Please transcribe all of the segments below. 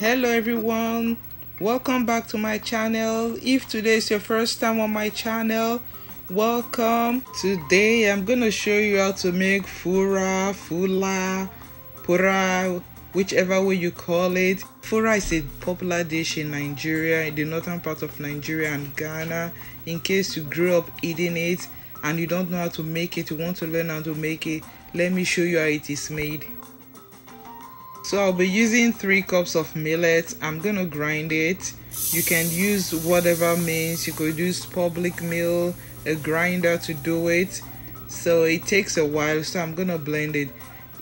hello everyone welcome back to my channel if today is your first time on my channel welcome today i'm gonna show you how to make fura fula pura whichever way you call it fura is a popular dish in nigeria in the northern part of nigeria and ghana in case you grew up eating it and you don't know how to make it you want to learn how to make it let me show you how it is made so I'll be using three cups of millet I'm gonna grind it you can use whatever means you could use public mill a grinder to do it so it takes a while so I'm gonna blend it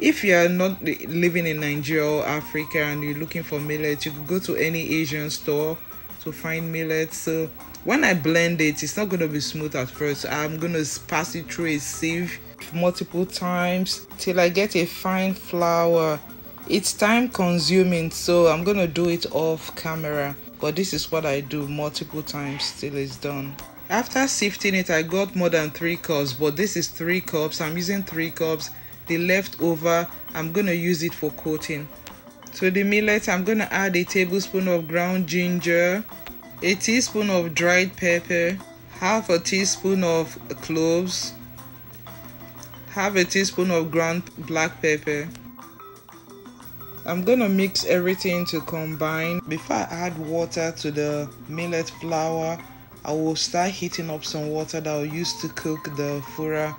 if you are not living in Nigeria or Africa and you're looking for millet you could go to any Asian store to find millet so when I blend it it's not gonna be smooth at first I'm gonna pass it through a sieve multiple times till I get a fine flour it's time consuming so i'm gonna do it off camera but this is what i do multiple times till it's done after sifting it i got more than three cups but this is three cups i'm using three cups the leftover i'm gonna use it for coating to the millet i'm gonna add a tablespoon of ground ginger a teaspoon of dried pepper half a teaspoon of cloves half a teaspoon of ground black pepper I'm gonna mix everything to combine. Before I add water to the millet flour, I will start heating up some water that I'll use to cook the fura.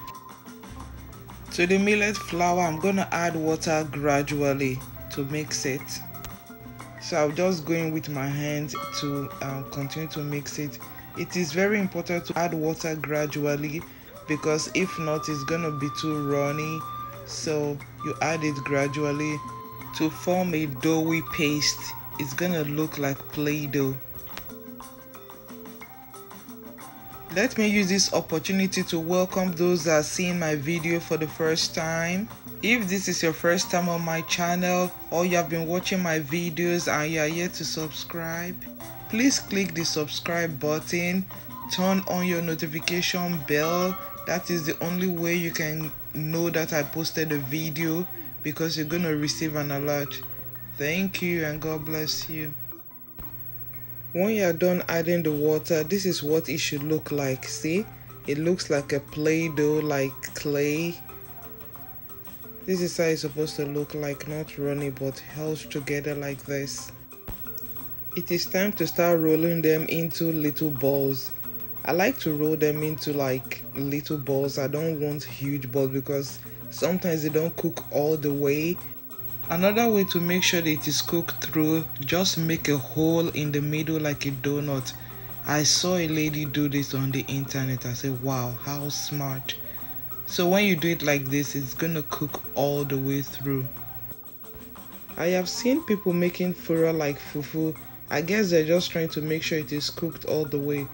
To the millet flour, I'm gonna add water gradually to mix it. So I'm just going with my hand to um, continue to mix it. It is very important to add water gradually because if not, it's gonna be too runny. So you add it gradually to form a doughy paste it's gonna look like play-doh let me use this opportunity to welcome those that are seeing my video for the first time if this is your first time on my channel or you have been watching my videos and you are yet to subscribe please click the subscribe button turn on your notification bell that is the only way you can know that i posted a video because you're going to receive an alert. Thank you and God bless you. When you are done adding the water, this is what it should look like. See, it looks like a play doh like clay. This is how it's supposed to look like, not runny but held together like this. It is time to start rolling them into little balls. I like to roll them into like little balls. I don't want huge balls because sometimes they don't cook all the way another way to make sure that it is cooked through just make a hole in the middle like a donut i saw a lady do this on the internet i said wow how smart so when you do it like this it's gonna cook all the way through i have seen people making fura like fufu i guess they're just trying to make sure it is cooked all the way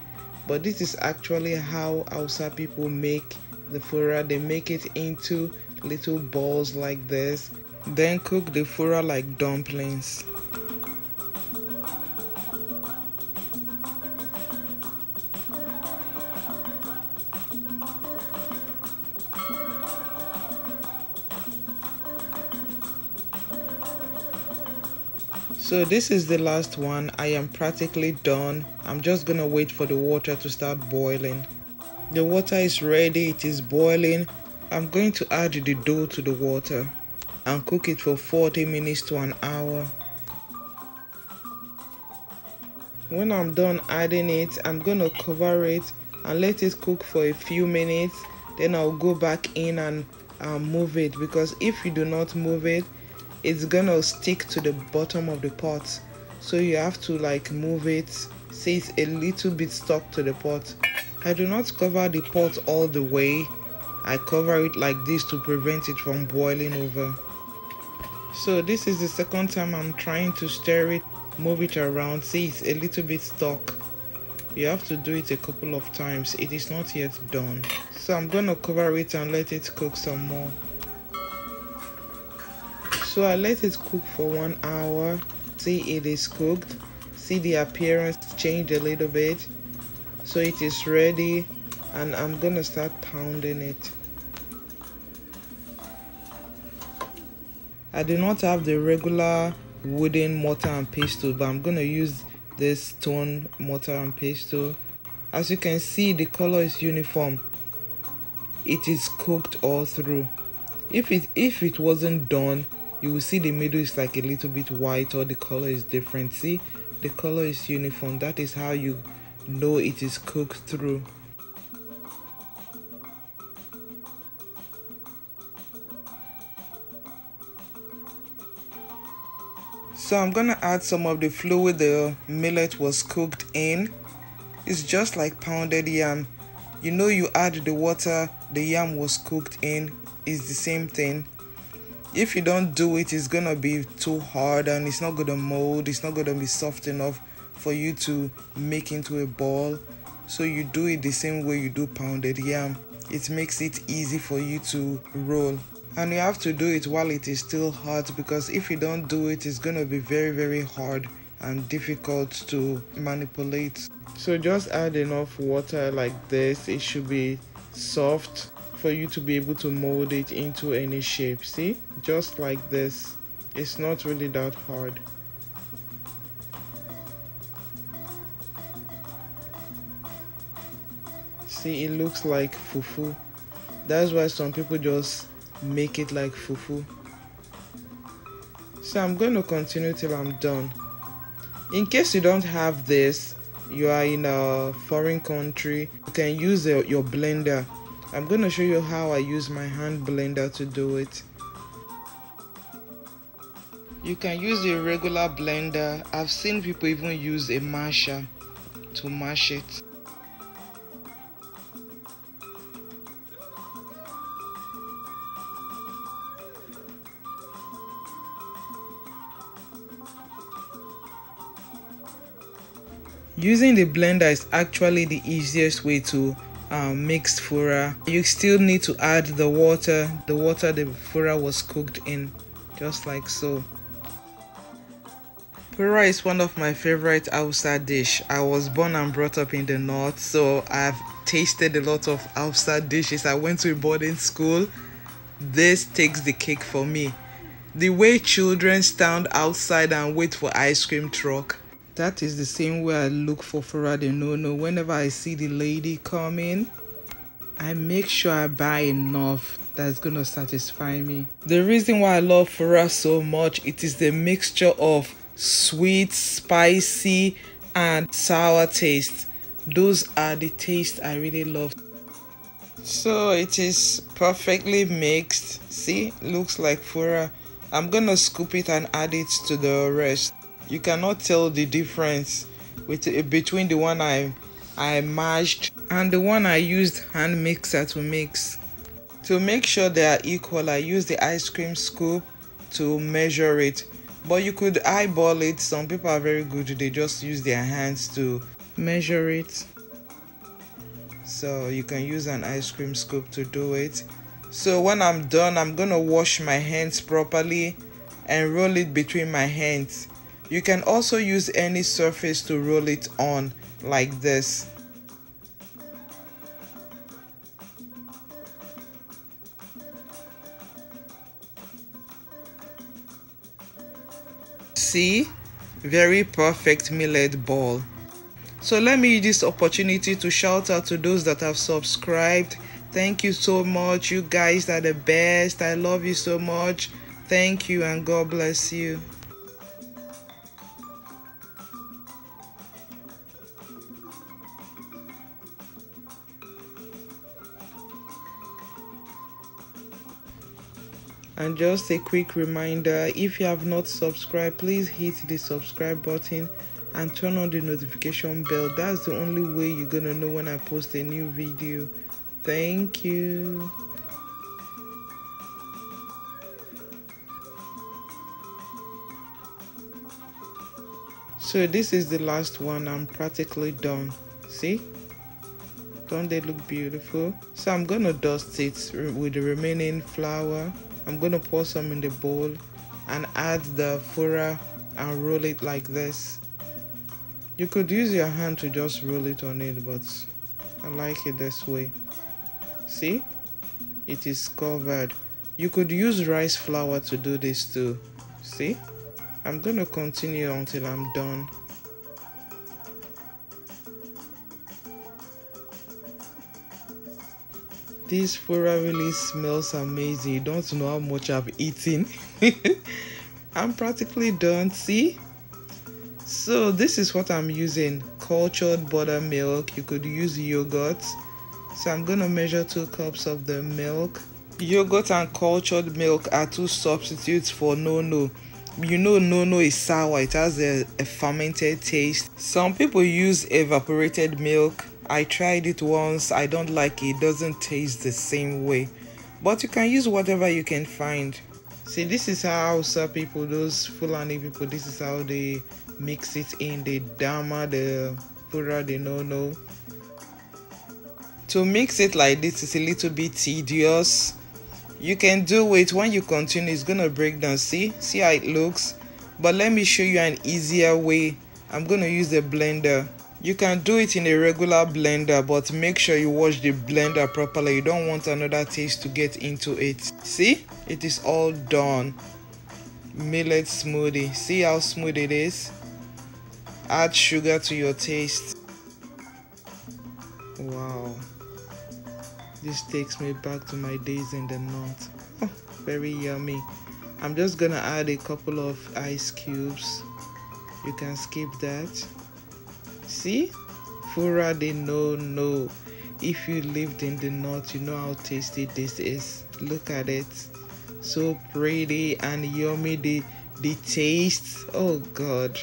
but this is actually how Hausa people make the fura they make it into little balls like this then cook the fura like dumplings So this is the last one. I am practically done. I'm just gonna wait for the water to start boiling. The water is ready, it is boiling. I'm going to add the dough to the water and cook it for 40 minutes to an hour. When I'm done adding it, I'm going to cover it and let it cook for a few minutes. Then I'll go back in and uh, move it because if you do not move it, it's going to stick to the bottom of the pot. So you have to like move it, see it's a little bit stuck to the pot. I do not cover the pot all the way. I cover it like this to prevent it from boiling over. So this is the second time I'm trying to stir it, move it around. See it's a little bit stuck. You have to do it a couple of times. It is not yet done. So I'm going to cover it and let it cook some more. So I let it cook for one hour. See it is cooked. See the appearance changed a little bit so it is ready and I'm gonna start pounding it I do not have the regular wooden mortar and pestle but I'm gonna use this stone mortar and pestle as you can see the color is uniform it is cooked all through if it if it wasn't done you will see the middle is like a little bit white or the color is different see the color is uniform that is how you though it is cooked through. So I'm gonna add some of the fluid the millet was cooked in. It's just like pounded yam. You know you add the water the yam was cooked in, it's the same thing. If you don't do it, it's gonna be too hard and it's not gonna mold, it's not gonna be soft enough for you to make into a ball. So you do it the same way you do pounded yam. It makes it easy for you to roll. And you have to do it while it is still hot because if you don't do it, it's going to be very, very hard and difficult to manipulate. So just add enough water like this. It should be soft for you to be able to mold it into any shape. See, just like this. It's not really that hard. see it looks like fufu that's why some people just make it like fufu so i'm going to continue till i'm done in case you don't have this you are in a foreign country you can use a, your blender i'm going to show you how i use my hand blender to do it you can use a regular blender i've seen people even use a masher to mash it Using the blender is actually the easiest way to um, mix fura. You still need to add the water, the water the fura was cooked in, just like so. Fura is one of my favorite Hausa dish. I was born and brought up in the north, so I've tasted a lot of Hausa dishes. I went to a boarding school. This takes the cake for me. The way children stand outside and wait for ice cream truck that is the same way I look for No. Whenever I see the lady coming, I make sure I buy enough that's going to satisfy me. The reason why I love Farah so much, it is the mixture of sweet, spicy, and sour taste. Those are the tastes I really love. So it is perfectly mixed. See, looks like Farah. I'm going to scoop it and add it to the rest you cannot tell the difference with, eh, between the one I I mashed and the one I used hand mixer to mix. To make sure they are equal, I use the ice cream scoop to measure it. But you could eyeball it. Some people are very good. They just use their hands to measure it. So you can use an ice cream scoop to do it. So when I'm done, I'm going to wash my hands properly and roll it between my hands. You can also use any surface to roll it on like this. See? Very perfect millet ball. So let me use this opportunity to shout out to those that have subscribed. Thank you so much. You guys are the best. I love you so much. Thank you and God bless you. and just a quick reminder if you have not subscribed please hit the subscribe button and turn on the notification bell that's the only way you're gonna know when i post a new video thank you so this is the last one i'm practically done see don't they look beautiful so i'm gonna dust it with the remaining flour I'm going to pour some in the bowl and add the fura and roll it like this. You could use your hand to just roll it on it, but I like it this way. See? It is covered. You could use rice flour to do this too. See? I'm going to continue until I'm done. This fura really smells amazing. You don't know how much I've eaten. I'm practically done, see? So this is what I'm using. Cultured buttermilk. You could use yogurt. So I'm going to measure 2 cups of the milk. Yogurt and cultured milk are two substitutes for no-no you know no no is sour it has a, a, fermented taste some people use evaporated milk I tried it once, I don't like it, doesn't taste the same way. But you can use whatever you can find. See, this is how some people, those Fulani people, this is how they mix it in. They dama, the pura, the no no. To mix it like this is a little bit tedious. You can do it when you continue, it's gonna break down. See, see how it looks. But let me show you an easier way. I'm gonna use the blender you can do it in a regular blender but make sure you wash the blender properly you don't want another taste to get into it see it is all done millet smoothie see how smooth it is add sugar to your taste wow this takes me back to my days in the north oh, very yummy i'm just gonna add a couple of ice cubes you can skip that See? Fura they know no. If you lived in the north, you know how tasty this is. Look at it. So pretty and yummy the the taste. Oh god.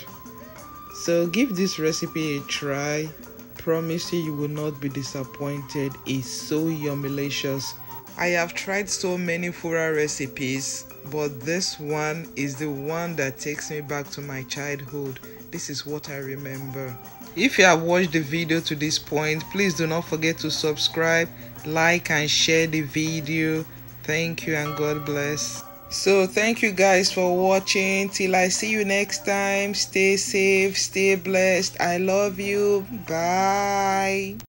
So give this recipe a try. Promise you you will not be disappointed. It's so yummilicious. I have tried so many fura recipes, but this one is the one that takes me back to my childhood. This is what I remember. If you have watched the video to this point, please do not forget to subscribe, like and share the video. Thank you and God bless. So thank you guys for watching. Till I see you next time, stay safe, stay blessed. I love you. Bye.